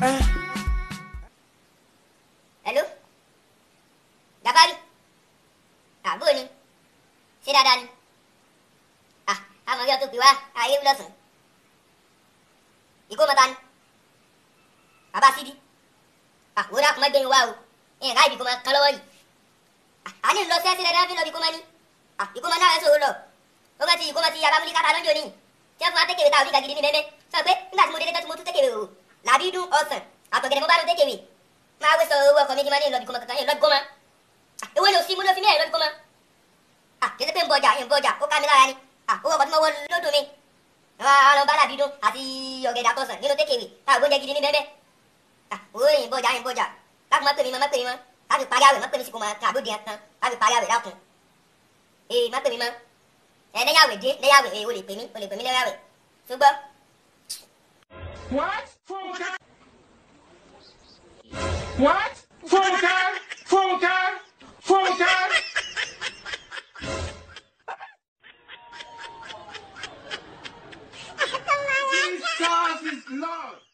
hello Jafari àbó ni ṣé dáadáa ni àmọ̀ yóò tó pè wá ayé lọ́sàn ìkó mọ́ta ni bàbá sídi àwọn akọ̀mọ́ gbẹ̀yìn wá o ẹ̀yìn káyìí kò máa kan lọ́wọ́ yìí àní lọ sẹ́sì rẹ̀ dáfín lọ bí kò máa ní ìkó máa náà sòwò lọ ó máa ti ìkó máa ti abámúlí kápá lọ́jọ́ ní tí wọ́n fún wa tẹ́kẹ̀wé ta òbí gàgìdì ní bẹ́ẹ̀ bẹ́ẹ̀ sọ pé nígbà tí mo délé tó ti mo tún tẹ́kẹ̀wé o dàbídùn ọsàn àtọ̀gẹ̀dẹ̀ mo bá lọ dé kèwì máa wé sọ owó ọkọ méjì máa ní ìlọbì kọmọ kankan ìlọbì kọmọ ewé ló sí múlò fi mí ìlọbì kọmọ kẹsẹ pé ń bọjà ń bọjà ó ká mi lára ni owó ọkọ tí mo wọ lódùn mi ọlọ bá dàbídùn àti ọ̀gẹ̀dẹ̀ àtọ̀sàn nínú dé kèwì tá àgbóúnjẹ gidi ní bẹ́ẹ̀ bẹ́ẹ̀ ń bọjà ń bọjà láti má pè mí má pè mí má láti parí àwẹ̀ má pè mí sí kò máa kan àbódi kan láti parí àwẹ̀ lákun ee má pè mí má ẹ lẹ́yàwẹ̀ dé lẹ́yàwẹ̀ ee o lè pè mí o lè pè mí lẹ́yàwẹ̀ ṣùgbọ́n. What? What? Phone call? Phone call? Phone These stars is love.